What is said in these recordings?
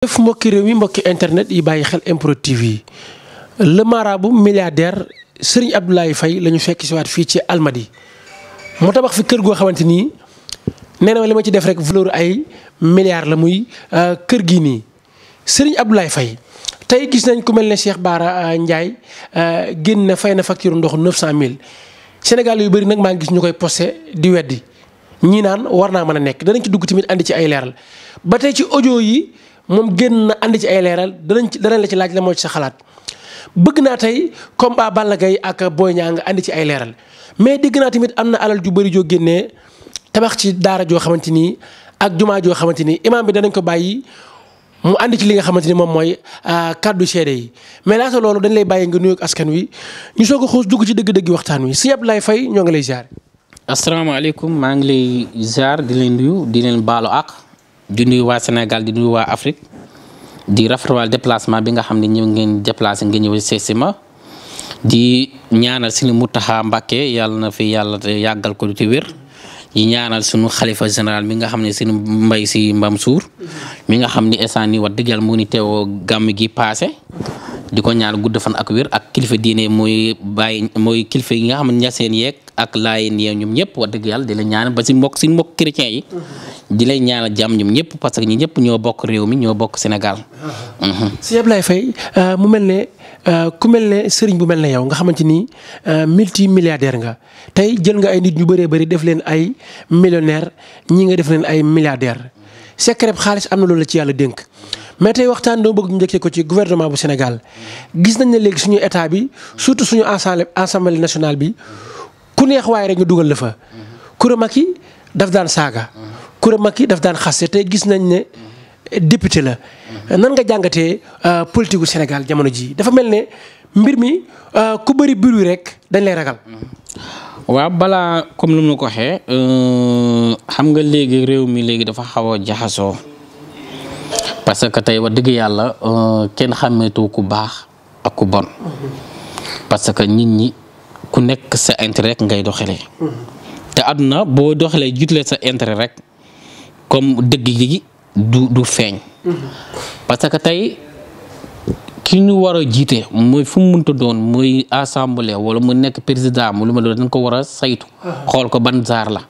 def mbokki réew mi mbokki internet yi bàyyi xel MPROD yi le marabout milliardaire Serigne Abdoulaye Faye la ñu fekk si fii ci Almadi mu tabax fi kër goo xamante nii nee na li ma ci def rek valeur ay milliards la muy euh, kër gi nii sëriñ Abdoulaye fay tey gis nañ ku mel ne Cheikh Bara euh, Ndiaye euh, génn na fay na facture ndox 900000 Sénégal yu bëri nag maa ngi gis ñu koy posté di weddi ñii naan war naa mën a nekk danañ ci dugg tamit andi ci ay leeral ba tey ci audio yi. moom génn na andi ci ay leeral danañ ci danañ la ci laaj la moo ci sa xalaat bëgg naa tey combat Balla Gaye ak booy Niang nga andi ci ay leeral mais dégg naa tamit am na alal ju bëri joo génnee tabax ci daara joo xamante ni ak jumaa joo xamante ni imaam bi danañ ko bàyyi mu àndi ci li nga xamante ni moom mooy euh, kàddu seede yi mais laata loolu dañ lay bàyyi nga nuyoog askan wi ñu soog a xuus ci dëgg-dëgg waxtaan wi si Abdoulaye Faye ñoo ngi lay ziar. asalaamaaleykum maa ngi lay ziar di leen nuyu di leen baalu àq di nuyu waa Sénégal di nuyu waa Afrique di rafetlu déplacement bi nga xam ne ñëw ngeen déplacé ngeen ñëw si ma di ñaanal suñu Mountakha Mbacké yàlla na fi yàlla yàggal ko ci wér di ñaanal suñu xalifa général mi nga xam ne suñu mbay si mbam suur mi nga xam ni instant ni wax dëgg yàlla teewoo gàmm gi paase di ko ñaan gudd fan ak wér ak kilifa diine mooy bàyyi mooy kilifa yi nga xam ne ñaseen yeeg ak laayin yi ñoom ñëpp wax dëgg di la ñaanal ba si mbokk si yi di lay ñaanal jàmm ñoom parce que ñi ñoo bokk réew mi ñoo bokk Sénégal ah. mhm. si Ablaye Faye euh, mu mel ne euh, ku mel ne sëriñ bu mel ne yow nga xamante ni euh, multi milliardaire nga tey jël nga ay nit ñu bëree bëri def leen ay millionnaire ñi nga def leen ay milliardaire secret xaalis am na loolu la ci yàlla dénk mais tey waxtaan doo bëgg njëkkee ko ci gouvernement bu Sénégal gis nañ ne léegi suñu état bi surtout suñu assemblée bi ku neex waaye rek ñu dugal la fa. Coura Macky daf daan saaga. Coura Macky daf daan xaste tey gis nañ ne député la. nan nga jàngatee euh, politique gu Sénégal jamono ji dafa mel ne mbir mi euh, ku bëri bruit rek dañ lay ragal. waaw balaa comme ni mu ko waxee euh, xam nga léegi réew mi léegi dafa xaw a jaxasoo parce que tey wax dëgg yàlla kenn xàmmeetu ku baax ak ku bon parce que nit ñi ku nekk sa intérêt rek ngay doxalee. te àdduna boo doxelee jiitalee sa intérêt rek comme dëgg gi du du feeñ. parce que tey ki ñu war a jiite mooy fu mu mënta doon muy assemblée wala mu nekk président mu lu ma doon dañ ko war a saytu. xool ko ban jaar la.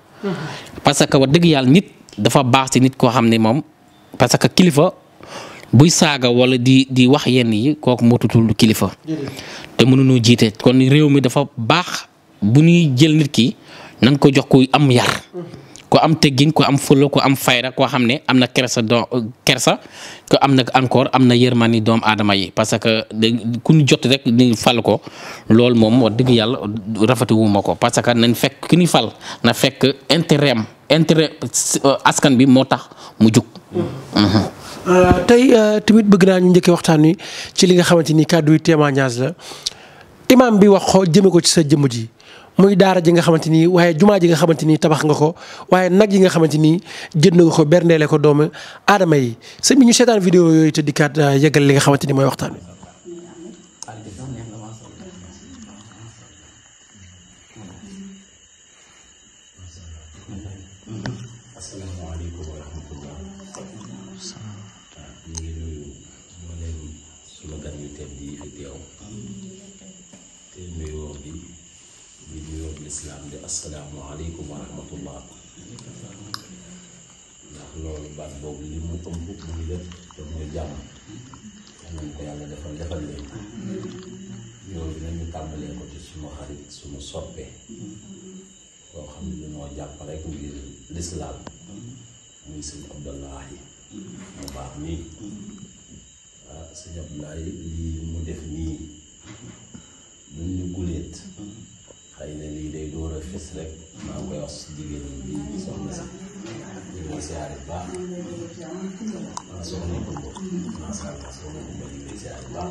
parce dëgg yàlla nit dafa baax ci nit koo xam ne moom parce kilifa. buy saaga wala di di wax yenn yi kooku motutul kilifa. te mënuñu jiite kon réew mi dafa baax bu ñuy jël nit ki nañ ko jox kuy am yar. ko am teggin ko am fulla ko am fayda koo xam ne am na kersa do kersa ko am na encore am na yërmande doomu aadama yi parce que ku ñu jot rek ni fal ko loolu moom wax dëgg yàlla rafetuwuma ko parce que nañ fekk ki nuy fal na fekk intérêt am intérêt euh, askan bi moo tax mu jug. Mm-hmm. Mm-hmm. Euh, tey euh, tamit bëgg naa ñu njëkkee waxtaan wi ci li nga xamante ni kàddu yi la imaam bi wax ko jëme ko ci sa jëmm ji muy daara ji nga xamante ni waaye jumaa ji nga xamante ni tabax nga ko waaye nag yi nga xamante ni jënd nga ko berndeele ko doomu aadama yi sëñ bi ñu seetaan vidéo yooyu te di dikkaat euh, yeggal li nga xamante ni mooy waxtaan wi itam yi fi bi bi nuyoo bi lislaam di asalaamualeykum wa rahmatullah ndax loolu baat boobu li mu ëmb mu def te mooy jàmm yal ko yàlla defal defal leen loolu nañu tàmbalee ko ci suma xarit suma soppe koo xam ne dañoo jàpp rek ngir lislaam muy sëñ Abdallahi mu baax nii sëñ Abdoulaye lii mu def nii duñ ñu guleet xëy na lii de door a fës rek maa ngi koy wax si jigéen ñi bi soxna si ñu ngi siyaare baax maa soxna ko maa soxna ko maa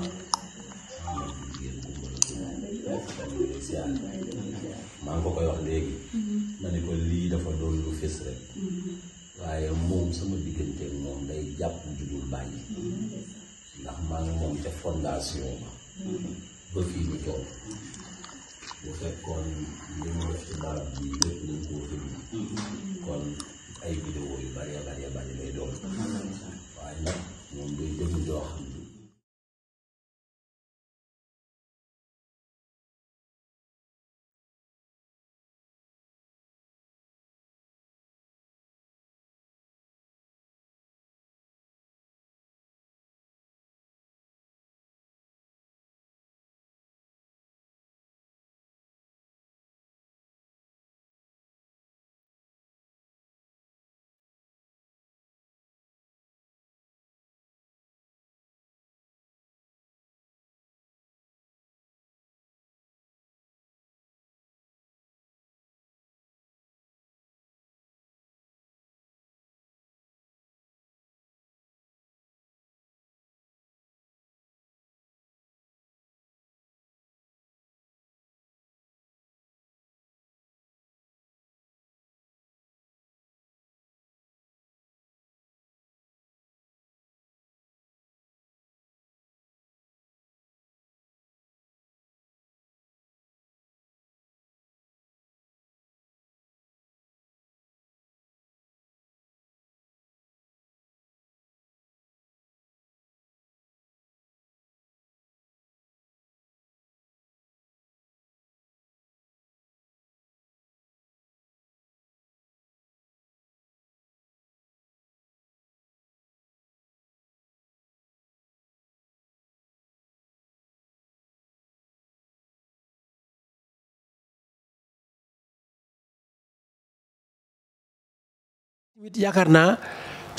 it yaakaar naa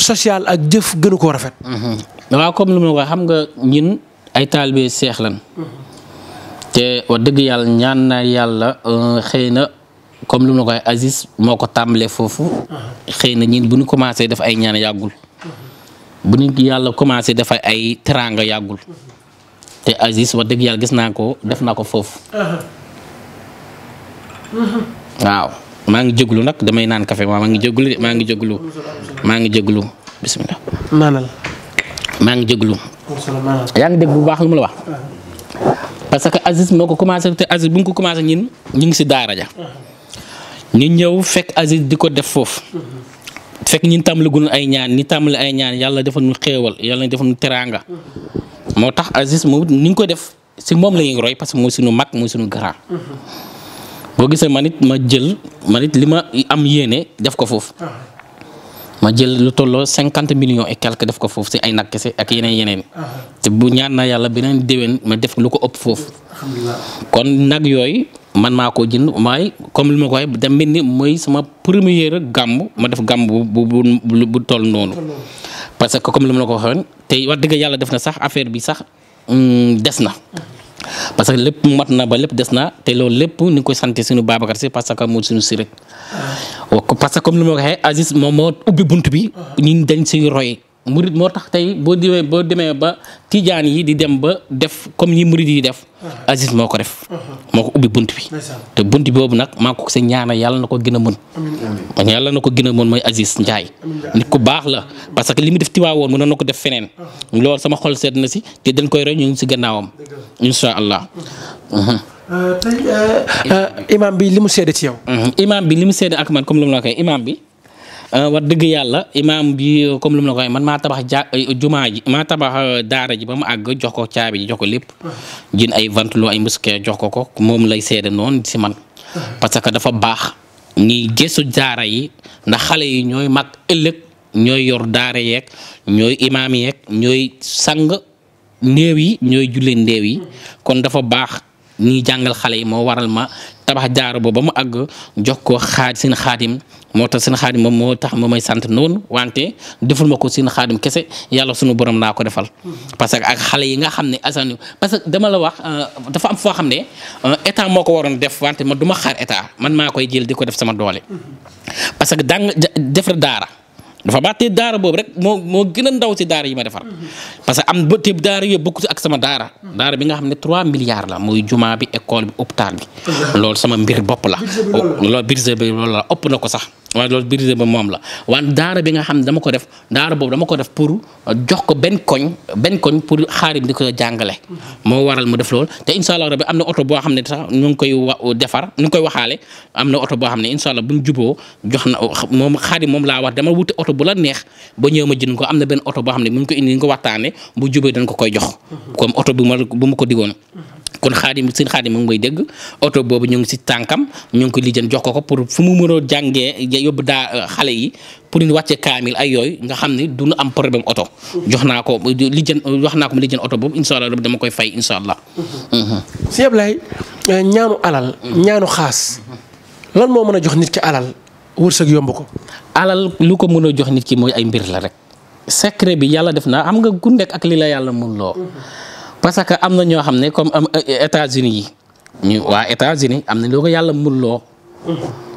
social ak jëf gënu ko rafet. Mm-hmm. waaw comme lu ma ko xam nga ñun ay taalibe seex lan mm-hmm. te wax dëgg yàlla ñaan naa yàlla euh, xëy na comme lu ma ko Aziz moo ko tàmbalee foofu. Uh-huh. xëy na ñun bu ñu commencé def ay ñaan yàggul. Mm-hmm. bu ñu yàlla commencé def ay teraanga yàggul. te Aziz wax dëgg yàlla gis naa ko def naa ko foofu. Uh-huh. waaw. maa ngi jéglu nag damay naan café maa ngi jéglu de maa ngi jéglu maa ngi jéglu bisimilah. naanal. maa ngi jéglu. yaa ngi dégg bu baax lu ma la wax. parce que Aziz moo ko commencé te Aziz bu ñu ko commencé ñun ñu ngi si daara ja ñu ñëw fekk Aziz di ko def foofu. fekk ñun tàmbaligul ay ñaan ni tàmbali ay ñaan yàlla defal ñu xéewal yàlla defal ñu teraanga. moo tax Aziz moom ni ñu ko def si moom la ñuy roy parce que mooy suñu mag mooy suñu grand. boo gisee ma it ma jël man it li ma am yéene def ko foofu. Ah. ma jël lu tolloo cinquante millions et quelque def ko foofu si ay nag kese ak yeneen yeneen. Ah. te bu ñaan naa yàlla beneen déwén ma def lu ko ëpp foofu. kon nag yooyu man maa ko jënd maay comme li ma ko waxee da mel ni mooy sama première gàmb ma def gàmb bu bu bu toll noonu. parce comme li ma la ko waxee te wax dëgg yàlla def na sax affaire bi sax mm, des na. Ah. parce que lépp mat ba lépp des na loolu lépp ni ngi koy sant suñu Babacar si parce que moo suñu si rek ah. parce que comme li ma waxee Aziz moom moo ubbi bunt bi ah. ñun dañ siy roy murid moo tax tey boo demee boo demee ba tijaan yi di dem ba def comme ñi murid yi def. Uh-huh. Aziz moo ko def. Uh-huh. moo ko ubbi bunt bi. te bunt boobu nag maa ko sa ñaana yàlla na ko gën a mën. yàlla na ko gën a mën mooy Aziz njaay nit ku baax la parce que li mu def woon mënoon na ko def feneen. Uh-huh. lool sama xol seet na si te dañ koy rey ñu ngi si gannaawam. incha allah. Uh, tey uh, uh, imaam bi li mu seede ci yow. imaam bi li mu seede ak man comme lu ma la waxee imaam bi. Euh, wax dëgg yàlla imaam bi comme lu mu la ko waxee man maa tabax ja jumaa ji maa tabax euh, daara ji ba mu àgg jox ko caabi ji jox ko lépp jën ay ventilo ay mosquée jox ko ko moom lay seede noonu si man parce que dafa baax ngi gëstu jaara yi ndax xale yi ñooy mag ëllëg ñooy yor daara yeek ñooy imaam yeeg ñooy sang néew yi ñooy jullee néew yi kon dafa baax ñuy jàngal xale yi moo waral ma tabax jaaru boobu ba mu àgg jox ko xaar seen xaadim moo tax seen xaadim moom moo tax ma may sant noonu wante deful ma ko seen xaadim kese yàlla sunu borom naa ko defal. parce que ak xale yi nga xam ne asan parce que dama la wax euh, dafa am foo xam ne euh, état moo ko waroon def wante ma du ma xaar état man maa koy jël di ko def sama doole. parce que dang defar daara. dafa baax te daara boobu rek moo moo gën a ndaw si daara yi ma defar parce que am ba te daara yooyu bokkut ak sama daara daara bi nga xam ne trois milliards la muy jumaa bi école bi hôpital bi loolu sama mbir bopp la loolu budget bi loolu la ëpp na ko sax waaye loolu brisé ba moom la waan daara bi nga xam ne dama ko def daara boobu dama ko def pour jox ko benn koñ benn koñ pour xaarim di ko jàngale. moo waral mu def loolu te incha allah rabi am na oto boo xam ne sax ñu ngi koy wa defar ñu ngi koy waxaale am na oto boo xam ne incha allah bu ñu juboo jox na moom xaarim moom laa wax dama wuti oto bu la neex ba ñëw ma jënd ko am na benn oto boo xam ne bu ñu ko indi ñu ko waxtaanee bu jubee dañ ko koy jox. comme oto bu ma bu ma ko digoon. kon xaadim seen xaadim moom mooy dégg oto boobu ñu ngi si tànkam ñoo ngi ko lijjan jox ko ko pour fu mu mën a jàngee yóbbu daa euh, xale yi pour ñu wàcce kaamil ay yooy nga xam ne du ñu am problème oto. jox naa ko euh, lijjan euh, wax naa ko mu lijjan oto boobu incha allah dama koy fay incha allah. si Ablaye ñaanu alal. ñaanu xaas. lan mën a jox nit ki alal wërsëg yomb ko. alal lu ko mën a jox nit ki mooy ay mbir la rek. secret bi yàlla def naa xam nga ku ak li la yàlla mun loo. parce que am na ñoo xam ne comme am euh, États-Unis yi ñu waa États-Unis am na loo ko yàlla mënuloo.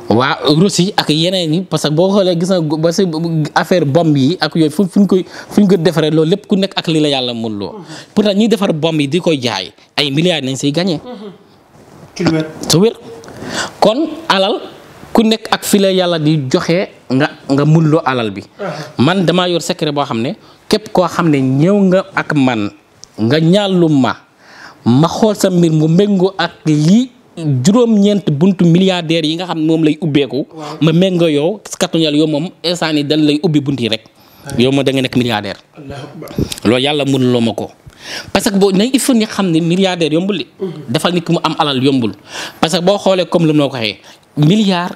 waa Russie ak yeneen yi parce que boo xoolee gis na ba si affaire bombe yi ak yooyu fu fuñ koy fuñ ko defaree loolu lépp ku nekk ak li la yàlla mënuloo. pourtant ñuy defar bombe yi di koy jaay ay milliards nañ siy gagné. ci wér kon alal ku nekk ak fi la yàlla di joxe nga nga mënuloo alal bi. Ah. man damaa yor secret boo xam ne képp koo xam ne ñëw nga ak man. nga ñàllum ma ma xool sa mbir mu méngoo ak lii juróom-ñeent buntu milliardaires yi nga xam moom lay ubbeeku. ma méngoo yow katuñal yow moom instant yi dañ lay ubbi bunt yi rek. yow ma da nga nekk milliardaire. loolu yàlla mënuloo ma ko. parce que boo nañ il faut xam ne milliardaire yombul li defal nit mu am alal parce que boo xoolee comme lu noo ko waxee milliard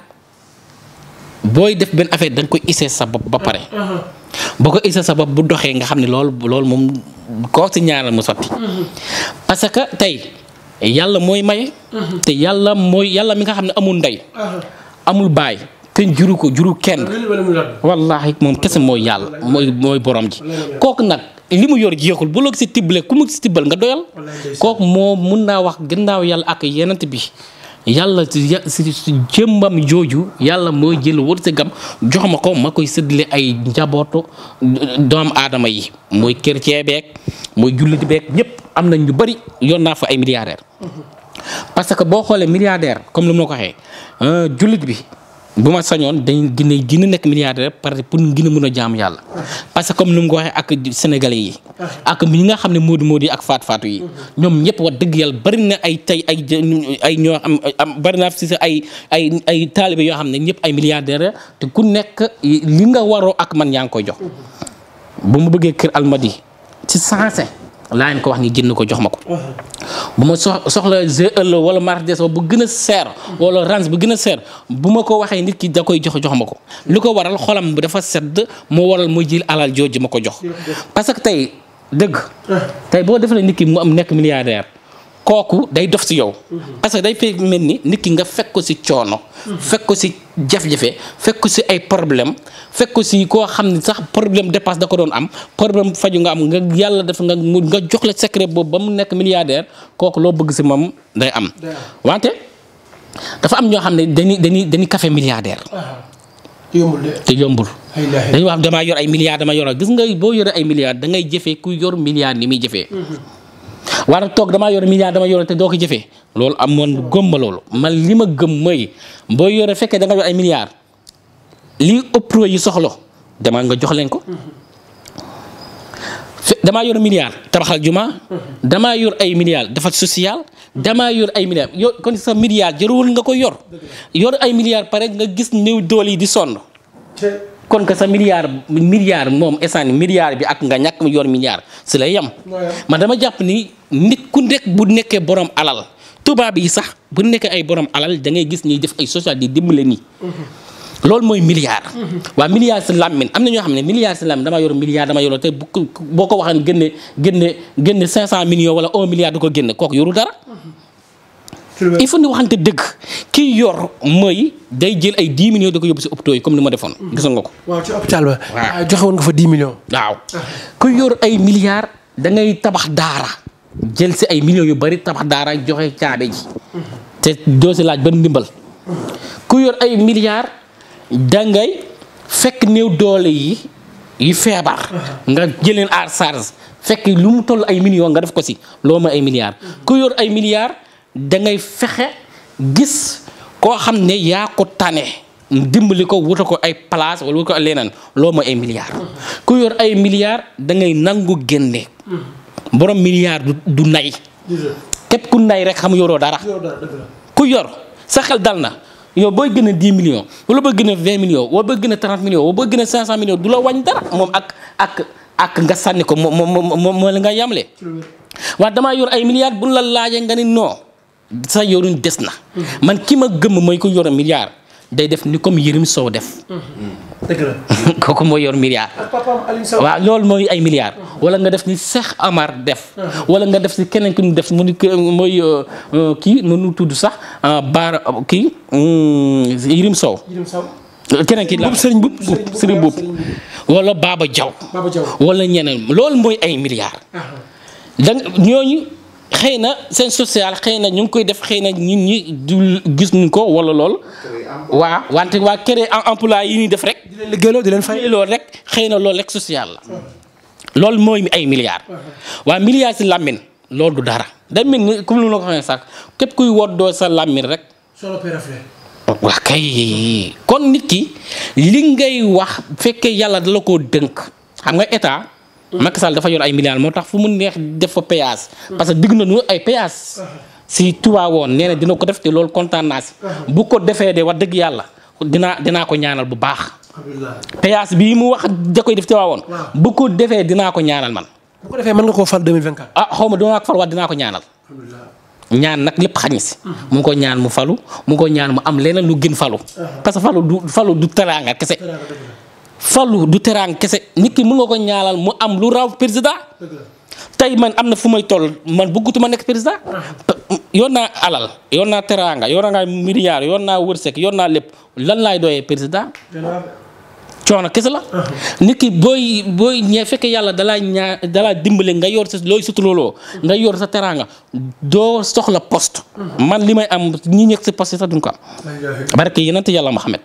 booy def benn affaire da nga koy isee sa bopp ba pare. boo ko isee sa bu doxee nga xam ne loolu loolu moom. koo ci ñaanal mu sotti parce que tey yàlla mooy maye te yàlla mooy yàlla mi nga xam ne amul ndey amul baay te juru ko juru kenn wallaahi moom kese mooy yàlla mooy mooy borom ji kook nag li mu yor jeexul bu la si tibbale ku mu si tibbal nga doyal kooku moo mun naa wax gannaaw yàlla ak yenent bi yàlla si si jëmbam jooju yàlla mooy jël wërsëgam jox ma ko ma koy séddale ay njabootu doomu aadama yi mooy chrétien beeg mooy jullit beek ñëpp am nañ ñu bëri yoon naa fa ay milliardaire mhm. parce que boo xoolee milliardaire comme lu ma ko waxee jullit bi. bu ma sañoon dañ gën a gën a nekk milliardaire par pour ñu gën a mën a parce que comme ni mu waxee ak sénégalais yi ak ñi nga xam ne moodu moodu yi ak faatu faatu yi ñoom ñëpp wax dëgg yàlla bari na ay tey ay ay ñoo am am bari naa si ay ay yoo xam ne ñëpp ay milliardaire te ku nekk li nga waroo ak man yaa ngi koy jox bu mu bëggee kër almadi ci sensé laa ko wax ni jënd ko jox ma ko. bu ma sox soxla GEL wala Mercedes bu gën a seer. wala Range bu gën a seer bu ma ko waxee nit ki da koy jox jox ma ko. lu ko waral xolam bi dafa sedd moo waral mu jël alal jooju ma ko jox. parce que tey dëgg. tey boo defalee nit ki mu am nekk milliardaire. kooku day dof si yow. parce que day fekk mel ni nit ki nga fekk ko si coono. fekk ko si jafe-jafe fekk ko si ay problème fekk ko si koo xam ne sax problème dépasse da ko doon am problème faju nga am nga yàlla def nga nga jox la secret boobu ba mu nekk milliardaire kooku loo bëgg si moom day am. wante dafa am ñoo xam ne dañuy dañuy dañuy café milliardaire. Ah. yombul de te yombul. dañu wax damaa yor ay milliards dama yor gis nga boo yore ay milliards da ngay jëfee ku yor milliards war a toog damaa yor milliard dama yor te doo ko jëfee loolu am man gëm ma loolu man li ma gëm mooy boo yore fekkee da nga yor ay milliards lii ëppro yi soxla demal nga jox leen ko. damaa yor milliard tabaxal juma. damaa yor ay milliards defal social. damaa yor ay milliards yo kon sa milliard jëruwul nga ko yor. yor ay milliards pare nga gis néew dool yi di sonn. kon que sa milliard milliard moom essan milliard bi ak nga ñàkk yor milliard si lay yem. man dama jàpp ni nit ku nekk bu nekkee borom alal tubaab yi sax bu nekkee ay borom alal da ngay gis ñuy def ay social di dimbale nii. Mm-hmm. loolu mooy milliard. Mm-hmm. waa milliard si làmmiñ am na ñoo xam ne milliard si làmmiñ damaa yor milliard dama yor te bu boo ko waxee génne génne génne 500 millions wala 1 milliard ko génne kooku yoru dara. Mm-hmm. il faut ñu waxante dëgg ki yor mooy day jël ay 10 millions da ko yóbbu si hôpitaux ni ma defoon. Mhm. gisoon nga ko. waaw ci hôpital ba. waaw ah, joxe woon nga fa 10 millions. waaw ah. ku yor ay milliards dangay tabax daara jël si ay millions yu bari tabax daara joxe caabe ji. Mhm. doo laaj ban ndimbal. Mhm. ku yor ay milliards da fekk néew doole yi yi feebar. nga jëleen à charge fekk lu mu toll ay millions nga def ko si loo ma ay milliards. da ngay fexe gis koo xam ne yaa ko tane dimbali ko wuta ko ay place wala wuta ko leneen loo mooy ay milliards ku yor ay milliards dangay nangu génne borom milliard du nay képp ku nay rek xam yoroo dara ku yor sa xel dal na yow booy gën million 10 millions wala booy gën a 20 millions wala booy gën a 30 millions wala booy gën a du la wàññi dara moom ak ak nga sànni ko moom moom la nga yamle waa damaa yor ay milliards bu la laajee nga ni non sa yoruñ des na. man kii ma gëm mooy ko yor milliard day def ni comme Yérim Sow def. dëgg la kooku moo yor milliard. waaw loolu mooy ay milliards. wala nga def ni Cheikh Amar def. Uh-huh. wala nga def si keneen ki nu def mu ni mooy euh, euh, kii nu tudd sax euh, baar kii hmm, Yérim Sow. keneen ki la sëriñ buub sëriñ buub wala Baba Diaw. wala ñeneen loolu mooy ay milliards. Uh-huh. danga xëy na seen social xëy na ñu ngi koy def xëy na ñun ñi du gis ñu ko wala lool. waa wante waa créer emploi yi ñuy def rek. di leen liggéeyloo di leen fay lool rek xëy na lool rek social la. loolu mooy ay milliards. waa milliards si làmmiñ lool du dara. day mel ni comme ni ma la ko waxee sax kuy woddoo sa làmmiñ rek. solo waa kay kon nit ki li ngay wax bu fekkee yàlla dala ko dënk xam nga état. Macky Sall dafa yor ay milliards moo tax fu mu neex def fa péage. parce que digg na nu ay péage. si Touba woon nee dina ko def te loolu kontaan naa si. bu ko defee de wax dëgg yàlla dinaa dinaa ko ñaanal bu baax. péage bii mu wax da koy def Touba woon. bu ko defee dinaa ko ñaanal man. bu ko defee koo fal 2024. ah xaw ma dinaa ko fal waat dinaa ko ñaanal. ñaan nag lépp xañ si. mu ko ñaan mu falu mu koo ñaan mu am leneen lu gën falu. Uh-huh. parce que falu du falu du teraanga kese. fallu du teraan kese nit ki mën nga ko ñaanal mu am lu raw président tey man am na fu may toll man ma nekk président yoon naa alal yoon naa teraanga yoon naa milliard yoon naa wërsëg yoon naa lépp lan laay doyee président coono kese la nit ki booy booy ñee fekk yàlla dalaa ñaa dalaa dimbale nga yor sa looy suturaloo nga yor sa teraanga doo soxla poste man li may am ñi nekk si poste sax duñ ko am barke yeneen yàlla Muhammad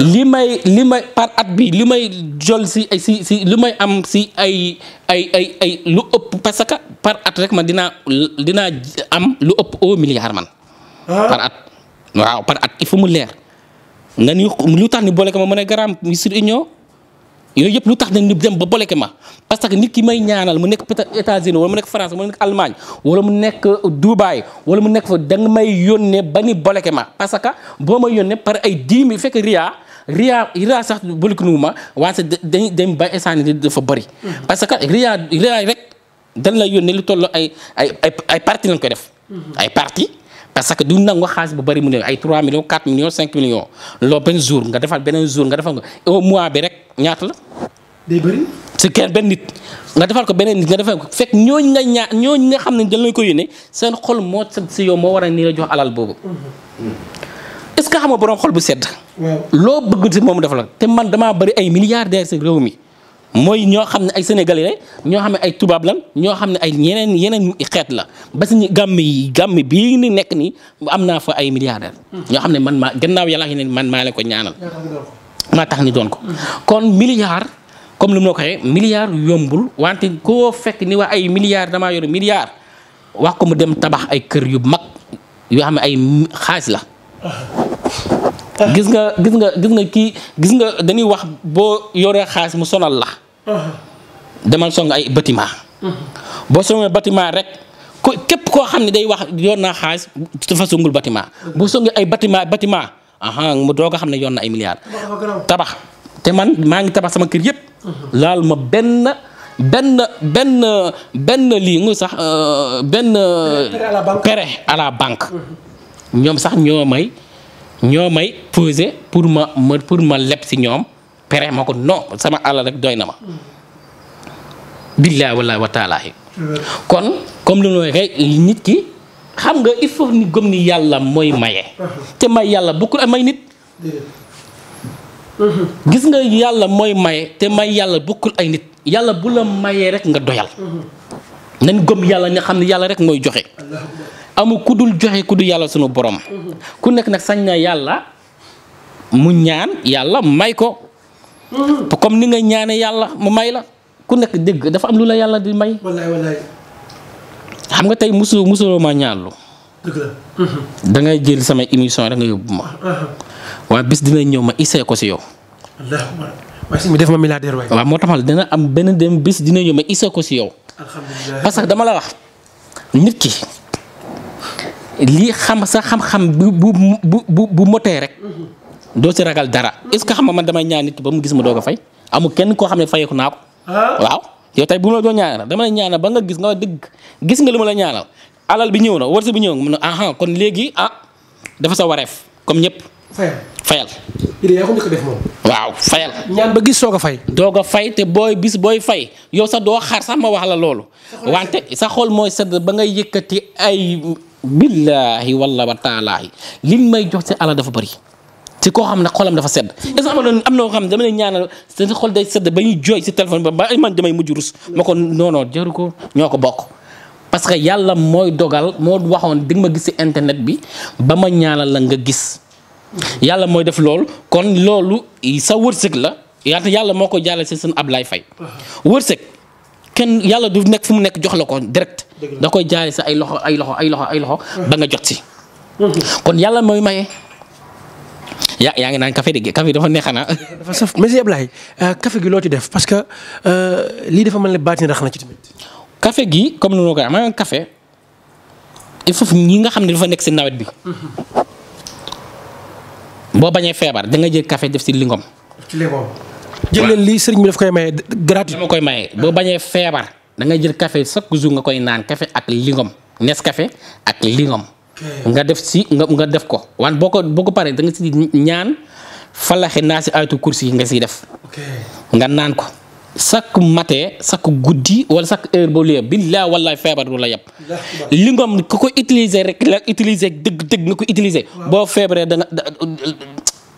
li may li may par at bi li may jol si ay si si li may am si ay ay ay ay lu ëpp parce que par at rek ma dinaa dinaa am lu ëpp au milliard man. Ah. par at waaw par at il faut mu leer nga ni lu tax ni boole ko ma mu a garaam sur union. yooyu yëpp lu tax dañ ni dem ba bloqué ma parce que nit ki may ñaanal mu nekk peut-être États-Unis wala mu nekk France mu nekk Allemagne wala mu nekk Dubaï wala mu nekk fa da nga may yónnee ba ni bloqué ma parce que boo may yónnee par ay dix mille fekk ria ria ria sax bloqué nu ma wante dañ dañ ba essane ni dafa bëri mm-hmm. parce que ria ria rek dañ la yónnee lu toll ay ay ay ay parti lañ koy def mm-hmm. ay parti parce que du nangu xaalis bu bëri mu ne ay 3 millions 4 millions 5 benn jour nga defal beneen jour nga defal ko au mois bi rek ñaata la. day bëri. si kenn benn nit nga defal ko beneen nit nga defal ko fekk ñooñu nga ñaa ñooñu nga xam ne dañ lañ ko yónnee seen xol moo sedd si yow moo war nii la jox alal boobu. Mm-hmm. est ce que xam nga borom xol bu sedd. loo bëgg si moom def la te man damaa bëri ay milliardaires si réew mi. mooy ñoo xam ne ay sénégalais ñoo xam ne ay tubaab lan ñoo xam ne ay yeneen yeneen xeet la ba si gàmm yi gàmm bii ni nekk nii am naa fa ay milliardaires. Hmm. ñoo xam ne man maa gannaaw yàlla ne man maa leen ko ñaanal. maa tax ni doon ko. Hmm. kon milliard comme lu ma ko yombul wante koo fekk ni waa ay milliards damaa yor milliard wax ko mu dem tabax ay kër yu mag yoo xam ne ay xaalis la. gis nga gis nga gis nga kii gis nga dañuy wax boo yoree xaalis mu sonal la. demal song ay batiment boo songee batiment rek ko képp koo xam ne day wax yoon naa xaalis dafa songul bâtiment bu songee ay batiment batiment aha mu doog a xam ne yoon na ay milliards. tabax te man maa ngi tabax sama kër yëpp. laal ma benn. benn benn benn lii nga sax euh, benn. pere à la banque ñoom sax ñoo may. ñoo may peser pour ma ma pour ma leb si ñoom pere ma ko non sama alal rek doy na ma. billaahi wallaahi wa kon comme lu ma waxee nit ki xam nga il faut ni gëm ni yàlla mooy maye. te may yàlla bokkul ak may nit. gis nga yàlla mooy maye te may yàlla bokkul ay nit yàlla bu la mayee rek nga doyal. nañ gom yàlla nga xam ne yàlla rek mooy joxe amul ku dul joxe ku dul yàlla sunu borom ku nekk nag sañ na yàlla mu ñaan yàlla may ko comme ni nga ñaane yàlla mu may la ku nekk dégg dafa am lu la yàlla di may wallaay wallaay xam nga tey musu musuloo ma ñaanlu da ngay jël sama émission rek nga yóbbu ma uh-huh. waaye bis dina ñëw ma issee ko si yow waaw moo tax ma dina am benn dem bis dina ñëw ma issee ko si yow parce que dama la wax nit ki lii xam sa xam-xam bu bu bu bu motee rek mhm. doo si ragal dara mhm. est ce que xam ma man damay ñaan nit ki ba mu gis ma doog a fay amul kenn koo xam ne fayeeku naa ko ah. waaw yow tey bu ma la ñaanal dama la ñaanal ba nga gis nga dëgg gis nga li ma la ñaanal alal bi ñëw na wërsëg bi ñëw mun na aha kon léegi ah dafa sa wareef comme ñëpp fayal waaw fayal. ñaan ba gis soo ko fay. doo ko fay te booy bis booy fay yow sax doo xaar sax ma wax la loolu. wante sa xol mooy sedd ba ngay yëkkati ay. billaahi walla wa taalaahi li may jox ci alal dafa bëri. ci koo xam ne xolam dafa sedd. Mm. est-ce que am na am na koo xam ne damay lay ñaanal sa xol day sedd ba ñuy jooy si téléphone ba ay man damay mujj rus. ma ko non non jaru ko ñoo ko bokk. parce que yàlla mooy dogal moo waxoon di ma gis si internet bi ba ma ñaanal la nga gis. yàlla mooy def lool kon loolu sa wërsëg la yaata yàlla moo ko jàllale si seen ablaay Faye wërsëg kenn yàlla du nekk fu mu nekk jox la ko direct da koy jaare sa ay loxo ay loxo ay loxo ay loxo ba nga jot si kon yàlla mooy maye ya yaa ngi naan kafe de café dafa neex na dafa saf mais Ablaye euh, café gi loo ci def parce que euh, lii dafa mel ne baatin rax na ci tamit café gi comme ni ma ko waxee maanaam café il faut ñi nga xam ne dafa nekk si nawet bi mhm. boo bañee feebar da nga jël kafe def si lingom. ci lingom. jëlal lii sëriñ bi daf koy maye gratuit. moo koy maye boo bañee feebar da nga jël café chaque jour nga koy naan kafe ak lingom Nescafé ak lingom. nga def si nga nga def ko wan boo ko boo ko paree da nga si ñaan falaxe naa si aytu kursi yi nga siy def. nga naan ko. sakk matee sakk guddi wala sakk heure boo lee billaa wallaay feebar du la yab li ngoom ku ko utiliser rek la utiliser dëgg dëgg nga ko utiliser boo feebaree da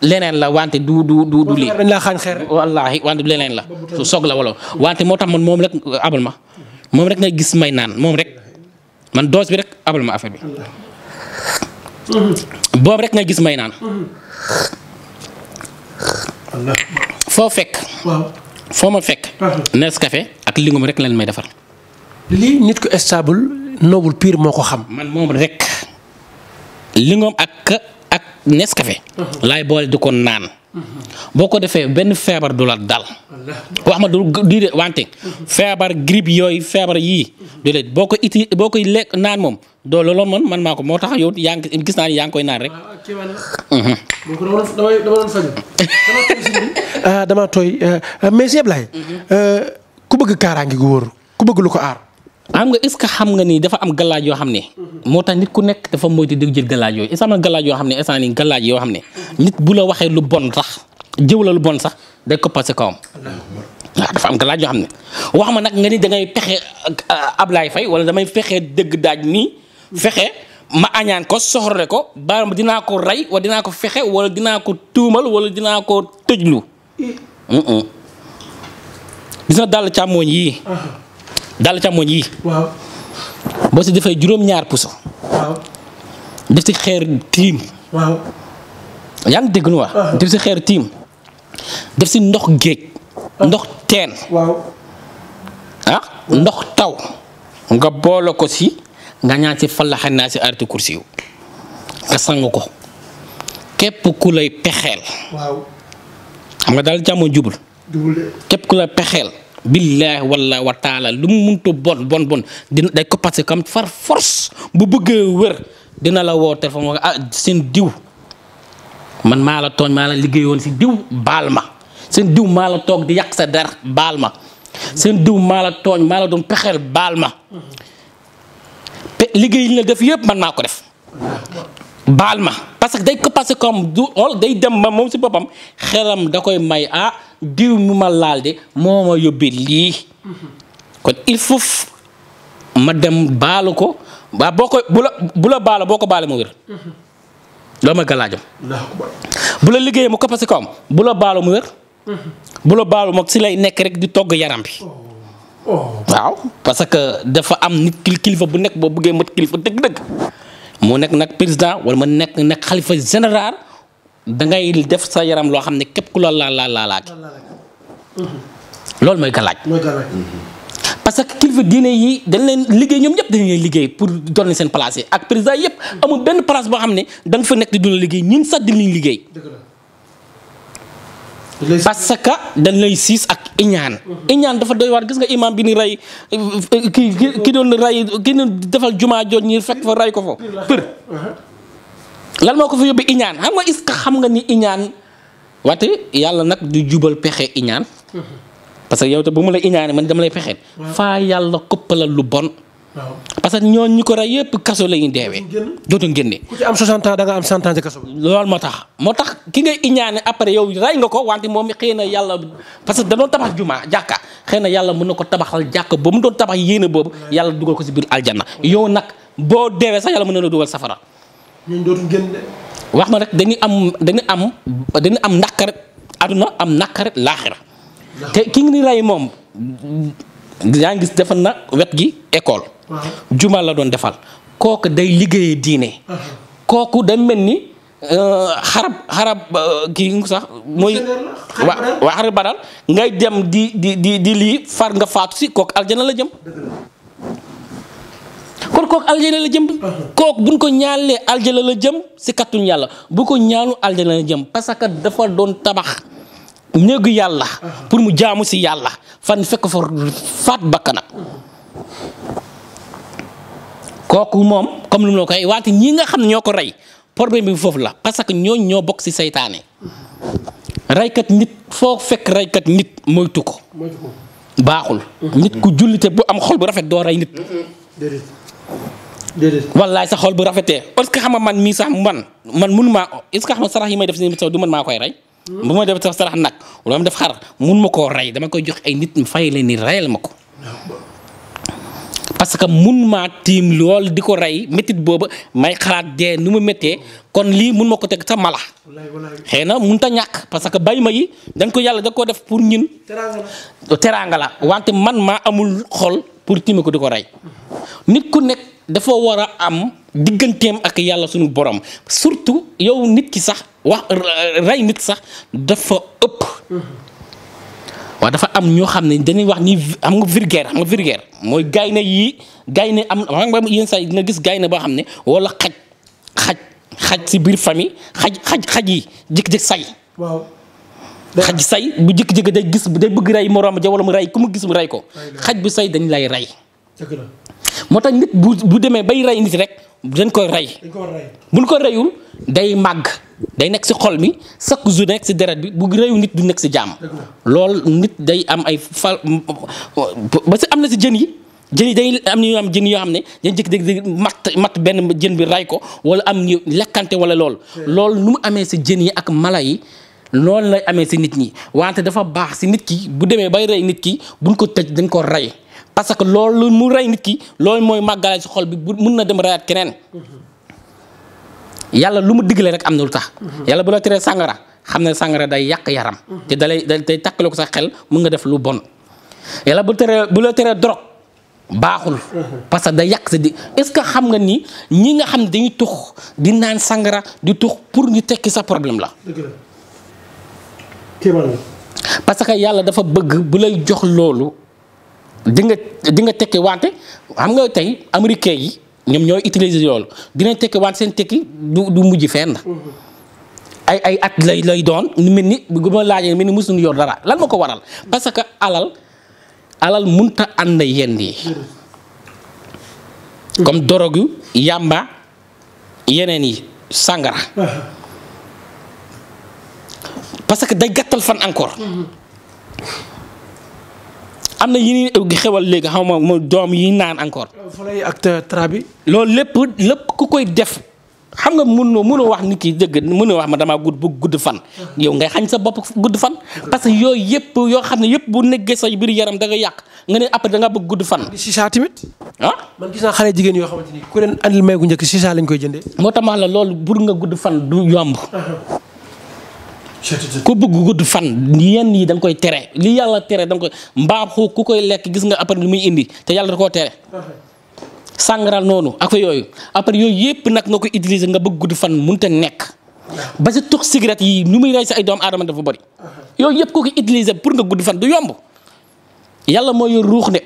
leneen la wante du du du du lii wallaahi wante leneen la soog la wala wante moo tax man moom rek abal ma moom rek ngay gis may naan moom rek man dose bi rek abal ma affaire bi boobu rek ngay gis may naan foo fekk foo ma fekk. Uh-huh. Nescafé ak lingum rek leen may defar. lii nit ku stable noble piir moo ko xam. man moom rek lingum ak ak Nescafé. Uh-huh. laay boole di ko naan. Uh-huh. boo ko defee benn feebar du la dal. wax ma du diire wante. feebar grippe yooyu feebar yii. du leen boo ko iti boo koy lekk naan moom. doo loolu man man maa ko moo tax yow yaa gis naa ni yaa ngi koy naan rek. ah damaa tooy euh, mais si Ablaye. Mhm. Euh, ku bëgg kaaraange gu wóor ku bëgg lu ko aar. xam nga est-ce que xam nga nii dafa am galaaj yoo xam ne. Mhm. moo tax nit ku nekk dafa moytu di jël galaaj yooyu est yoo xam ne instant nii yoo xam ne. Mhm. nit bu la waxee lu bon sax jëw la lu bon sax day ko passé kawam. waaw ah, dafa am galaaj yoo xam ne wax ma nag nga ni da pexe euh, Ablaye Faye wala damay pexe dëgg daaj nii. fexe ma añaan ko soxore ko ba dinaa ko rey wala dinaa ko fexe wala dina ko tuumal wala dinaa ko tëjlu. gis na dàll càmmooñ yii. Uh-huh. boo si defee juróom-ñaar puso. def si xeer tiim. yaa ngi dégg nu wax. Uh-huh. def si xeer tiim. def si ndox géej. Uh-huh. ndox teen. waaw. Ah? ndox taw. nga boole ko si. nga ñaan ci fallaxee naa si arti kursi yu nga sang ko képp ku lay pexeel. xam nga daal jàmm jubul. képp ku lay pexeel. billaahi wala wa lu mu muntu bon bon bon dina day ko passé comme far force bu bëggee wér dina la woo téléphone wax ah seen diw man maa la tooñ maa la liggéeyoon si diw baal ma seen diw maa la toog di yàq sa der baal ma seen diw maa la tooñ maa la doon pexeel baal ma liggéey li na def yëpp mën naa ko def baal ma parce que day ko passé comme du xool day dem ba moom si boppam xelam da koy may ah, diw ma laal de moo ma yóbbee lii kon il faut ma dem baalu ko waa boo ko bu la bu la baalo boo ko baale mu wér loolu mooy galaajam bu la liggéeyee mu ko passé comme bu la baalo mu wér bu la baalu moom si lay nekk rek di togg yaram bi oh. waaw parce que dafa am nit kilifa bu nekk boo bëggee mat kilifa dëgg-dëgg moo nekk nag président wala ma nekk nag xalifa général da ngay def sa yaram loo xam ne képp ku la laa laa laalaaki loolu mooy galaaj que kilifa diine yi dañ leen liggéey ñoom ñëpp dañ leen liggéey pour donne seen place yi ak président yëpp amul benn place boo xam ne da nga fa nekk di dund liggéey ñun sax di liñ liggéey parce que dañ lay siis ak iñaan iñaan dafa doy waar gis nga imaam bi ni rey ki ki doon rey ki doon defal jumaa jooj ñi fekk fa rey ko fa për lan moo ko fa yóbbu iñaan xam nga est-ce xam nga ni iñaan wate yàlla nag du jubal pexe iñaan parce que yow te bu mu la iñaane man dama lay pexeel faa yàlla koppalal lu bon parce que ñooñu ñu ko rey yëpp kaso la ñuy deewee. dootuñu génne am 60 ans da nga am 100 ans ci kaso. loolu moo tax moo tax ki ngay iñaane après yow rey nga ko wante moom xëy na yàlla parce que da doon tabax juma jàkka xëy na yàlla mën na ko tabaxal jàkka ba mu doon tabax yéene boobu yàlla dugal ko si biir aljanna yow nag boo deewee sax yàlla mën na la dugal safara. ñooñu dootuñu génne. wax ma rek dañuy am dañuy am dañuy am naqaret aduna am naqaret laaxira te ki ngi ni rey moom yaa ngi gis defal na wet gi école. juma la doon defal kook day liggéeyee diine. Uh-huh. kooku da mel ni euh, xarab xarab euh, kii sax mooy. wa waa xarab badal ngay dem di di di di lii far nga faatu si kooku aljana la jëm. kon kooku aljana uh-huh. ko ñaalee aljana la jëm si kattun yàlla bu ko ñaalu aljana la jëm parce que dafa doon tabax néegu yàlla. Uh-huh. pour mu jaamu si yàlla fan fekk fa faat bakkanam kooku moom comme lu mu la koy wante ñi nga xam ñoo ko rey problème bi foofu la parce que ñooñ ñoo bokk ci seytaane reykat nit foo fekk reykat nit moytu ko baaxul nit ku jullite bu am xol bu rafet doo rey nit wallaay sa xol bu rafetee est-ce que xam nga man mii sax man man mun maa est-ce que xam sarax yi may def si émission du man maa koy rey hmm? bu ma def sarax nag wala ma def xar mun ma koo rey dama koy jox ay nit fay leen ni reyal ma ko parce que mun maa tiim lool di ko rey métit booba may xalaat de nu mu méttee kon lii mun ma ko teg sa mala xëy na mun ta ñàkk parce que bay ma yi danga ko yàlla da koo def pour ñun teraanga la wante man maa amul xol pour tiime ko di ko rey nit ku nekk dafa war a am digganteem ak yàlla suñu borom surtout yow nit ki sax wax rey nit sax dafa ëpp mhm. waaw dafa am ñoo xam ne dañuy wax ni xam nga vulgaire xam nga vulgaire mooy gaynde yi gaynde am xam nga yenn saa dina gis gaynde boo xam ne wala xaj xaj xaj si biir famille xaj xaj xaj yi jëkk jékki say. waaw xaj say bu jékki-jékki day gis day bëgg rey moroom ja wala mu rey ku mu gis mu rey ko. xaj bu say dañ lay rey. moo tax nit bu bu demee bay rey nit rek dañ koy rey. dañ koy ko reyul day màgg. day nekk si xol mi chaque jour nekk si deret bi bu rëyu nit du nekk si jàmm. lool nit day am ay fa ba si am na si jën yi. jën yi dañuy am ñu am jën yoo xam ne dañ jëkk dëgg matt matt benn jën bi ray ko wala am ñu lekkante wala loolu loolu nu mu amee si jën yi ak mala yi loolu lay amee si nit ñi wante dafa baax si nit ki bu demee bay rey nit ki buñ ko tëj dañ ko rey parce que lool mu rey nit ki lool mooy màggale si xol bi bu mun na dem reyaat keneen yàlla lu mu digle rek am na lu tax yàlla bu la teree sàngara xam ne sàngara day yàq yaram te dalay day takkale ko sa xel mun nga def lu bon yàlla bu teree bu la teree drogue baaxul parce que day yàq sa di est-ce que xam nga nii ñi nga xam dañuy tux di naan sàngara di tux pour ñu tekki sa problème la parce que yàlla dafa bëgg bu lay jox loolu di nga di nga tekki wante xam nga tey américain yi ñoom ñooy utiliser loolu dinañ tekki waan seen tekki du du mujj fenn. ay ay at lay lay doon lu mel ni bu ma laajee mel ni mosuñu yor dara lan ma ko waral parce que alal alal munta ànd yenn yi. comme dorogu yàmba yeneen yi sàngara. parce que day gàttal fan encore. am na yi yeneen xewal léegi xam nga ma doom yi naan encore. ak tra bi. loolu lépp lépp ku koy def xam nga mun mënoo wax nit ki dëgg mënoo wax ma dama gudd bu gudd fan. yow ngay xañ sa bopp gudd fan. parce que yooyu yëpp yoo xam ne yëpp bu nekkee sa biir yaram da nga yàq nga ne après da nga bëgg gudd fan. si saa tamit. ah man gis jigéen yoo xamante ku leen andil may gu njëkk si koy jëndee. moo tax ma loolu pour nga gudd fan du yomb. Uh-huh. ku bëgg gudd fan yenn yi da koy tere li yàlla tere da nga koy mbaam xuux ku koy lekk gis nga après lu muy indi te yàlla da koo tere. sàngaral noonu ak fa yooyu après yooyu yëpp nag nga koy utiliser nga bëgg gudd fan mënut a nekk. ba si tux cigarette yi nu muy rey si ay doomu aadama dafa bëri. yooyu yëpp ku ko pour nga gudd fan du yomb yàlla moo yor ruux ne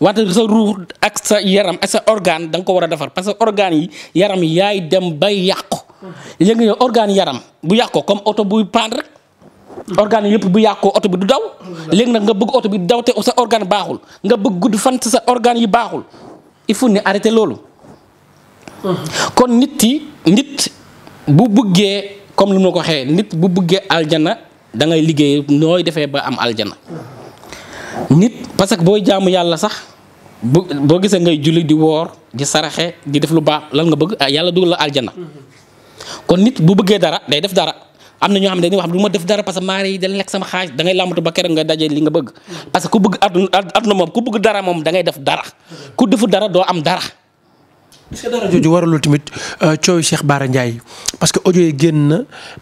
wante sa ruux ak sa yaram ak sa organe da nga ko war a defar parce que organe yi yaram yaay dem bay yàqu yëngu yow organe yaram bu yàqoo comme oto buy paan rek. organe yëpp bu yàqoo oto bi du daw. léegi nag nga bëgg oto bi daw te sa organe baaxul nga bëgg gudd fant sa organe yi baaxul il faut ne arrêté loolu. kon nit yi nit bu bëggee comme lu ma ko waxee nit bu buggee aljana dangay liggéey nooy defee ba am aljana. nit parce que booy jaamu yàlla sax. bu boo gisee ngay julli di woor di saraxe di def lu baax lan nga bëgg ah, yàlla dugal la aljana kon nit bu bëggee dara day def dara am na ñoo xam ne dañuy wax du ma def dara parce que maare yi dañ lekk sama xaaj da ngay làmbatu ba keroog nga daje li nga bëgg parce que ku bëgg adduna moom ku bëgg dara moom da def dara ku defu dara doo am dara. est-ce dara jooju waralul tamit euh, coow Cheikh Bara Ndiaye parce que audio yi génn na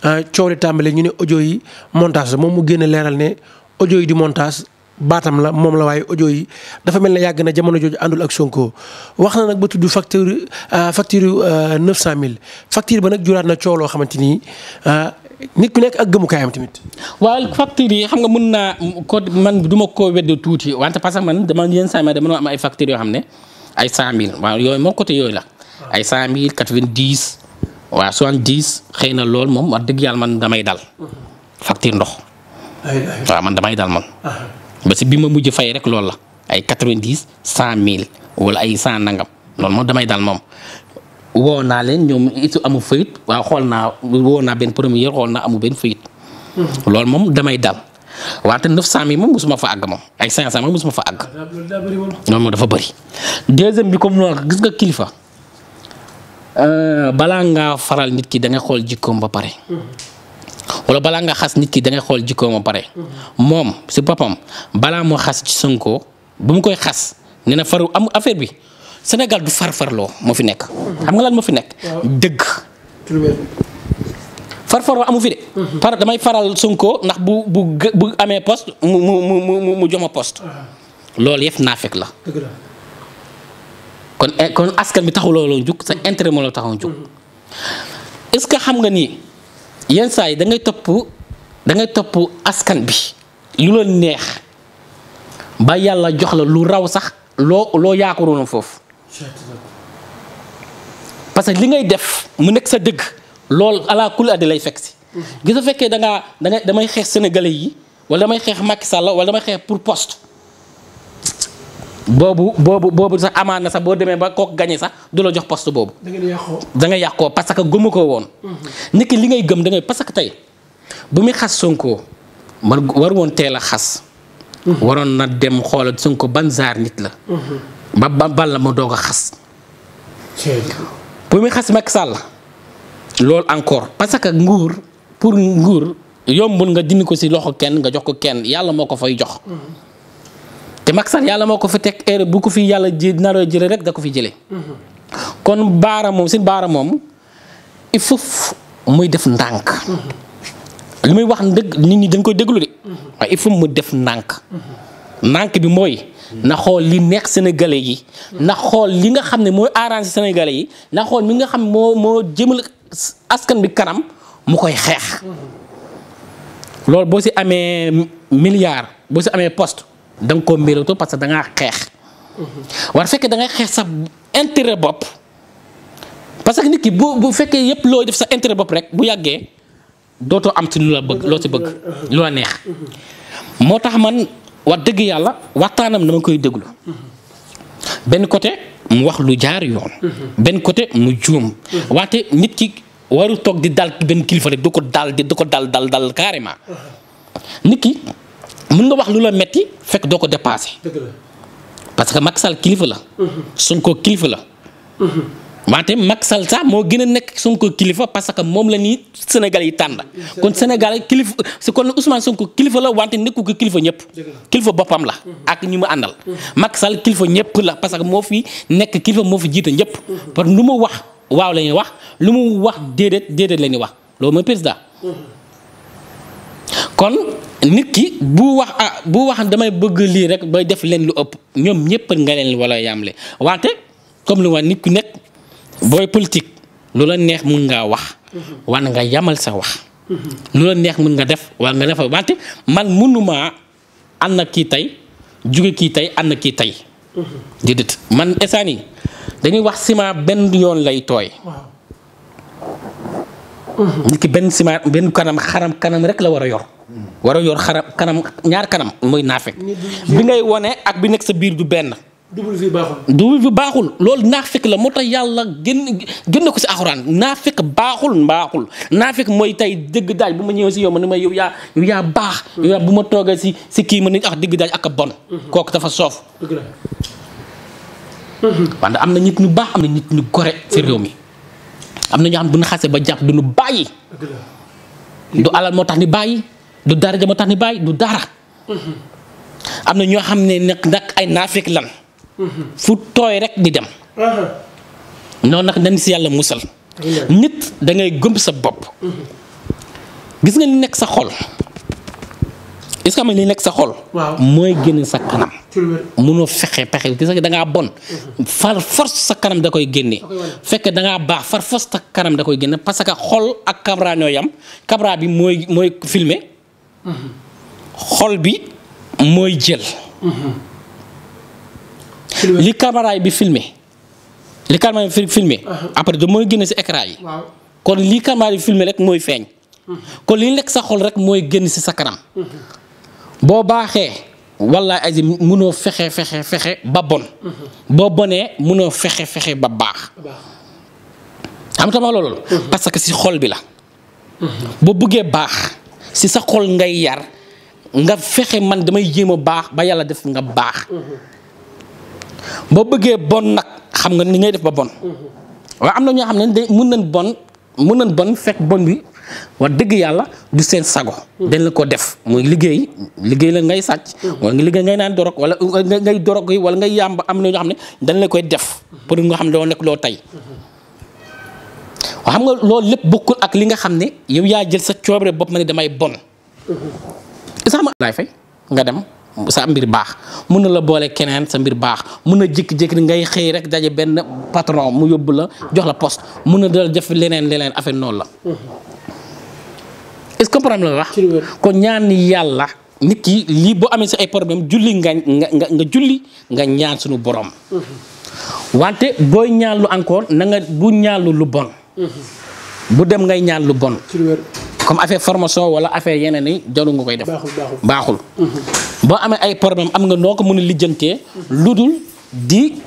euh, coow li tàmbalee ñu ne audio yi montage moom mu génn leeral ne audio yi di montage. baatam la moom la waaye audio yi dafa mel ne yàgg na jamono jooju àndul ak Sonko wax na nag ba tudd facture euh, facture euh, cent mille facture ba nag juraat na coow loo xamante ni euh, nit ku nekk ak gëmukaayam tamit. waaw factures yi xam nga mën naa ko man du ma koo tuuti wante parce que man dama yenn saa dama am ay factures yoo xam ne ay 100000 waaw yooyu moom côté yooyu la. ay 100000 90 waaw 70 xëy na loolu moom wax dëgg yàlla man damay dal. facture ndox. waaw man damay dal man. Ah. ba si bi ma mujj fay rek lool la ay quatre-vingt-dix cent mille wala ay cent nangam loolu moom damay dal moom. woo naa leen ñoom itu amu fayit waa xool naa woo naa benn premier xool naa amu benn fayit. Hmm. loolu moom damay dal wante neuf cent mille moom mosuma fa àgg moom ay cinq cent moom mosuma fa àgg. loolu moom dafa bëri. deuxième bi comme noonu gis nga kilifa euh, balaa ngaa faral nit ki da nga xool jikkoom ba pare. Hmm. wala balaa nga xas nit ki dangay xool jikkoom a pare. moom si boppam balaa moo xas ci Sonko ba mu koy xas nee na faru am affaire bi Sénégal du farloo moo fi nekk. xam nga lan moo fi nekk. dëgg. farfarloo amu fi de. Mhm. par damay faral Sonko ndax bu bu bu amee post mu mu mu mu mu jox mhm. loolu yëpp naa fekk la. kon eh, kon askan bi taxuloo loo jug sa intérêt moo la taxaw jug. Mhm. est xam nga ni. yenn saa yi dangay topp da ngay topp askan bi lu la neex ba yàlla jox la lu raw sax loo loo yaakaaroon foofu parce que li ngay def mu nekk sa dëgg loolu ala kulli addi lay fekk si. Mm-hmm. gis nga fekkee da ngaa da damay xeex sénégalais yi wala damay xeex Macky Sall wala damay xeex pour post boobu boobu boobu sax amaan na sax boo demee ba kook gañe sax du la jox poste boobu. da ngay yàqoo da ngay yàqoo parce que ko woon. Mhm. nit ki li ngay gëm dangay ngay parce tey bu muy xas Sonko man war woon teel a xas. Mhm. waroon na dem xoolal Sonko ban zaar nit la. Mhm. ba ba ban la ma doog a xas. bu muy xas Macky Sall loolu encore parce que nguur pour nguur yombul nga dindi ko si loxo kenn nga jox ko kenn yàlla moo ko fay jox. te Macky Sall yàlla moo ko fi teg erreur bu ko fi yàlla ji naroo jëlee rek da ko fi jëlee. kon baara moom si baara moom il faut muy def ndànk. li muy wax dëgg nit ñi dañ koy déglu de. waaye mu def ndànk. ndànk bi mooy. na xool li neex sénégalais yi. na xool li nga xam ne mooy arrangé sénégalais yi na xool mi nga xam moo moo jëmal askan bi kanam mu koy xeex. loolu boo si amee milliard boo si amee post da nga koo parce que da xeex. war fekkee da ngay xeex sa intérêt bopp. parce que nit ki bu bu fekkee yëpp looy def sa intérêt bopp rek bu yàggee dootoo am ci lu la bëgg loo ci bëgg. lu la neex. moo tax man wax dëgg yàlla waxtaanam dama koy déglu. benn côté mu wax lu jaar yoon. benn côté mu juum. waate nit ki warul toog di dal benn kilifa rek du ko dal di du ko dal dal dal carrément. nit ki mën nga wax lu la metti fekk doo ko dépassé. parce que Macky Sall kilifa la. Sonko kilifa la. wante Macky Sall sax moo gën a nekk Sonko kilifa parce que moom la nii Sénégal yi tànn. kon Sénégal kilifa kon Ousmane Sonko kilifa la wante nekku ko kilifa ñëpp. kilifa boppam la. Mhm. ak ñu mu àndal. Mhm. Macky Sall kilifa ñëpp la parce que moo fi nekk kilifa moo fi jiite ñëpp. Mhm. par lu mu wax waaw la wax lu mu wax déedéet déedéet la wax loolu mooy président. kon nit ki bu wax a ah, bu wax damay bëgg lii rek bay def leen lu ëpp ñoom ñëpp nga leen wala yamle wante comme lu ma nit ku nekk booy politique lu la neex mun nga wax. wan nga yamal sa wax. lu la neex mun nga def wala nga defal wante man mënuma ànd ak kii tey jóge kii tey ànd ak kii tey. déedéet man instant yi dañuy wax ciment benn yoon lay tooy. nit ki benn ciment benn kanam xaram kanam rek la war a yor. war a yor xaram kanam ñaar kanam muy naafeq bi ngay wone ak bi nekk sa biir du benn. du vie baaxul. double vie baaxul loolu naafeq la moo tax yàlla génn génn ko si axuraan naafeq baaxul mbaaxul naafeq mooy tey dëgg daaj bu ma ñëwee si yow ma ni ma yow yaa yow yaa baax. bu ma toogee si si kii ma ni ah dëgg daaj ak a bon. kooku dafa soof. dëgg am na nit ñu baax am na nit ñu gore si réew mi am na ñoo xam bu ñu xasee ba jàpp du ñu bàyyi. du alal moo tax ni bàyyi. du dara ja ma tax ni bàyyi du dara. am na ñoo xam ne nag nag ay naafeq lan. fu tooy rek di dem. noonu nag nañ si yàlla musal. nit da ngay gëm sa bopp. gis nga li nekk sa xol. est-ce que xam nga li nekk sa xol. mooy génne sa kanam. mënoo fexe pexe gis da ngaa bon. far force sa kanam da koy génne. fekk da ngaa baax far force sa kanam da koy génne parce que xol ak camera ñooy am bi mooy mooy xol bi mooy jël. li caméra bi filme li caméra bi filmé. Uh-huh. après da mooy génn si écran yi. kon li caméra bi filmé rek mooy feeñ. Uh-huh. kon li nekk sa xol rek mooy génn si sa kanam. Uh-huh. boo baaxee wallaay aji munoo fexe fexe fexe ba bon. boo bonee munoo fexe fexe ba baax. am tama loolu. parce que si xol bi la. boo bëggee baax. si sa xol ngay yar nga fexe man damay jéem a baax ba yàlla def nga baax boo bëggee bon nag xam nga ni ngay def ba bon waaye am na ñoo xam ne day mun nañ bon mun nañ bon fekk bon bi wax dëgg yàlla du seen sago dañ la ko def muy liggéey liggéey la ngay sàcc wala nga liggéey ngay naan dorog wala ngay dorog yi wala ngay yàmb am na ñoo xam ne dañ la koy def pour nga xam ne nekk loo tey waaw xam nga loolu lépp bokkul ak li nga xam ne yow yaa jël sa coobare bopp ma ne damay bon. isa ma laay nga dem sa mbir baax mun na la boole keneen sa mbir baax mun na jékki-jékki ngay xëy rek daje benn patron mu yóbbu la jox la poste mun na dal jëf leneen leneen affaire noonu la. est-ce que problème la wax. kon ñaan yàlla. nit ki lii boo amee si ay problème julli nga nga nga julli nga ñaan suñu boroom wante booy ñaan lu encore na nga bu ñaan lu bon. bu dem ngay ñaan lu bon. comme affaire formation wala affaire yeneen yi jaru nga koy def. baaxul mhm. boo amee ay problème am nga noo ko mën a lijjantee. lu dul di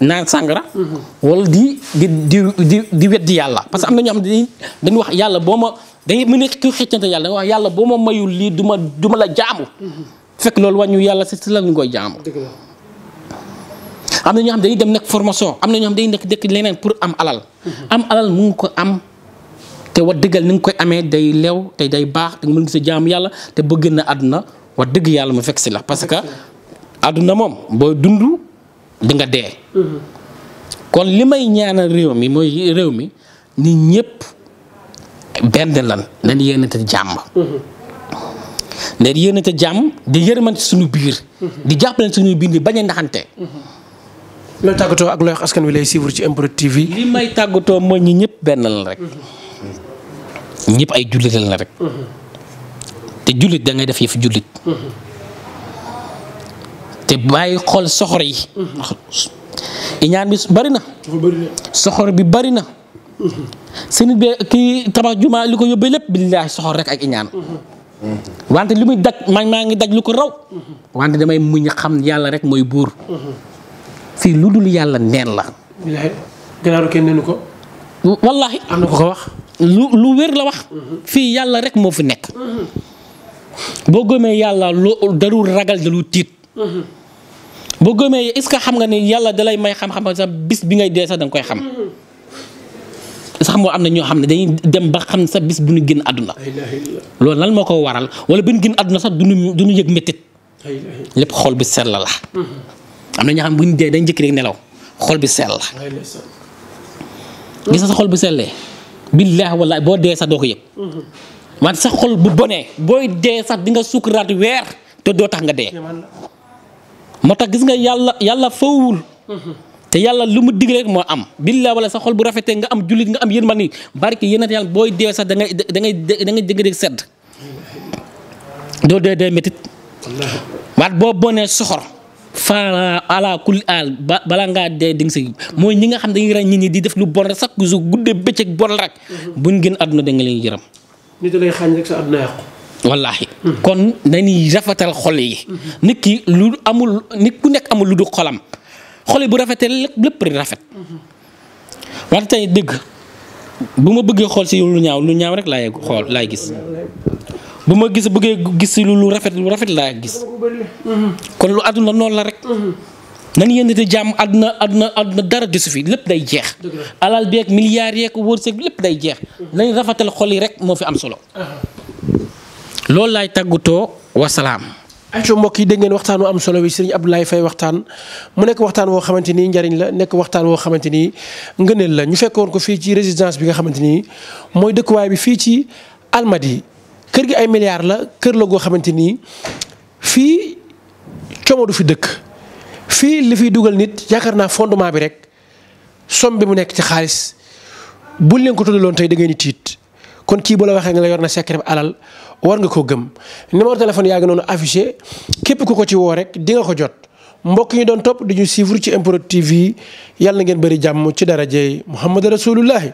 naan sàngara. Mhm. wala di di di di weddi yàlla parce que am na ñoo xam ne wax yàlla boo ma dañuy mën a ku xëccante yàlla da wax yàlla boo ma mayul lii duma du ma la jaamu. Mhm. fekk loolu ñu yàlla si si la koy jaamu. am na ñoo xam dañuy dem nekk formation am na ñoo xam dañuy nekk dëkk leneen pour am alal. am alal mu ngi ko am te wax dëggal ni nga koy amee day lew te day baax te nga mën gis jaamu yàlla te bëgg na àdduna wax dëgg yàlla mu fekk si la parce que àdduna moom boo dund di nga dee. kon li may ñaana réew mi mooy réew mi nit ñëpp benn lan nañ te jàmm. nañ yéenante jàmm di yërmante suñu biir. di jàppale suñu biir di bañ a looy tàggatoo ak looy wax wi lay suivre ci MPROD TV. li may tàggatoo mooy ñi ñëpp benn la rek. ñëpp ay jullit la rek. te jullit da ngay def yëfu jullit. te bàyyi xol soxor yi. iñaan bi bari na. soxor bi bari na. seen bi kii tabax jumaa li ko yóbbee lépp billaahi soxor rek ak iñaan. wante li muy daj man maa ngi daj lu ko raw. wante damay muñ xam yàlla rek mooy buur. fii lu dul yàlla neen la. ganaaru kenn neenu ko. wallaahi am na ko ko wax. lu lu wér la wax. Mhm. fii yàlla rek moo fi nekk. Mhm. boo gëmee yàlla loo darul ragal dalul tiit. Mhm. boo gëmee est-ce que xam nga ne yàlla dalay may xam-xam sax bis bi ngay dee sax da nga koy xam. sax moo am na ñoo xam ne dañuy dem ba xam sa bis bu génn àdduna. loolu lan moo ko waral wala bu ñu génn àdduna sax du ñu du ñu yëg métit lépp xol bi sell la. am na ñoo xam bu ñu dee dañ jëkk rek nelaw xol bi sell. gis nga sa xol bu sellee. billaahi wallaahi boo dee sax doo ko yëg. wante sa xol bu bonee booy dee sax di nga sukkuraat weer te doo tax nga dee. moo tax gis nga yàlla yàlla fawul. te yàlla lu mu digle moo am. billaahi wallaahi sa xol bu rafetee nga am jullit nga am yërmande barke yéen a yàlla booy dee sax da ngay da ngay da ngay dégg sedd. doo dee dee métit waat boo bonee soxor. faala ala kulli aal ba balaa ngaa dee di nga si mooy ñi nga xam dañuy rey nit nii di def lu bon rek sax su guddee bëccëg bon rek. Mhm. buñ génn àdduna da nga leen yërëm. nit lay xañ rek sa àdduna yàqu. wallaahi mhm. kon dañuy rafetal xol yi. Mhm. nit ki lu amul nit ku nekk amul lu du xolam xol yi bu rafetee lépp rafet. wante tey dëgg bu ma bëggee xool si lu ñaaw lu ñaaw rek laay xool laay gis. bu ma gis bëggee gis lu lu rafet lu rafet laa gis kon lu àdduna noonu la rek nan yéen te jàmm àdduna àdduna àdduna dara desu fi lépp day jeex alal beeg milliards yeeg wërsëg lépp day jeex nañ rafetal xol yi rek moo fi am solo loolu laay tàggatoo wasalaam ayto mbokk yi dégg ngeen waxtaan wu am solo bi sëriñ Abdoulaye Faye waxtaan mu nekk waxtaan woo xamante ni njariñ la nekk waxtaan woo xamante ni ngëneel la ñu fekkoon ko fii ci résidence bi nga xamante ni mooy dëkkuwaay bi fii ci Almadies kër gi ay milliards la kër la goo xamante nii fii coomo du fi dëkk fii li fiy dugal nit yaakaar naa fondement bi rek som bi mu nekk ci xaalis buñ leen ko tuddaloon tey da ngeen di tiit kon kii bu waxee nga la yor na secret alal war nga ko gëm numéro téléphone yaa ngi noonu affiché képp ku ko ci woo rek di nga ko jot mbokk ñu doon topp di ñu suivre ci MPROD TV yàlla na ngeen bëri jàmm ci dara darajey Muhammad Rasulullahi